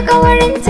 alkawarin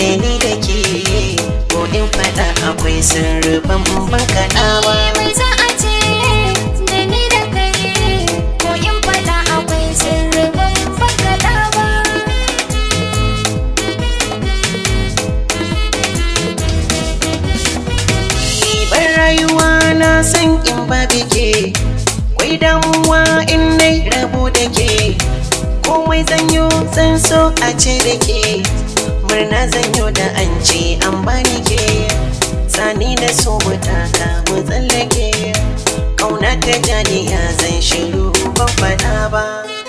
da ni da ke ko in faɗa akwai sirri ban ban mai a ce da ko in faɗa akwai sirri ban rayuwa na san in ba bike kwai damuwa in nai rabu da ke komai zanyo zan so a ce da ke murna zanyo da an ce an bani ke sani da so ka mu tsallake kauna ta jani ya zan shiru ban faɗa ba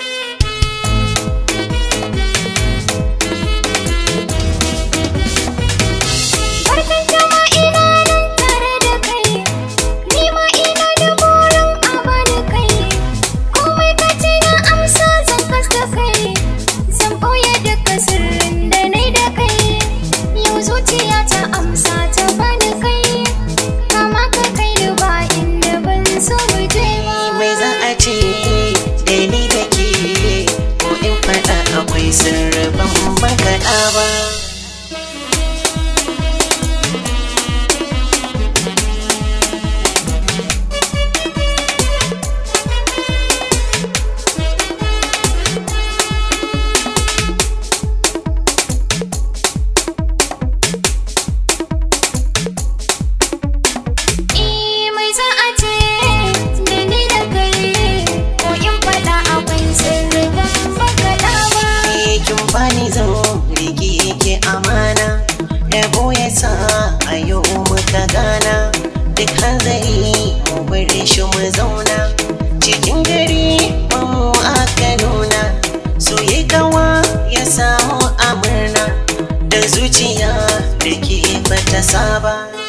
ta saba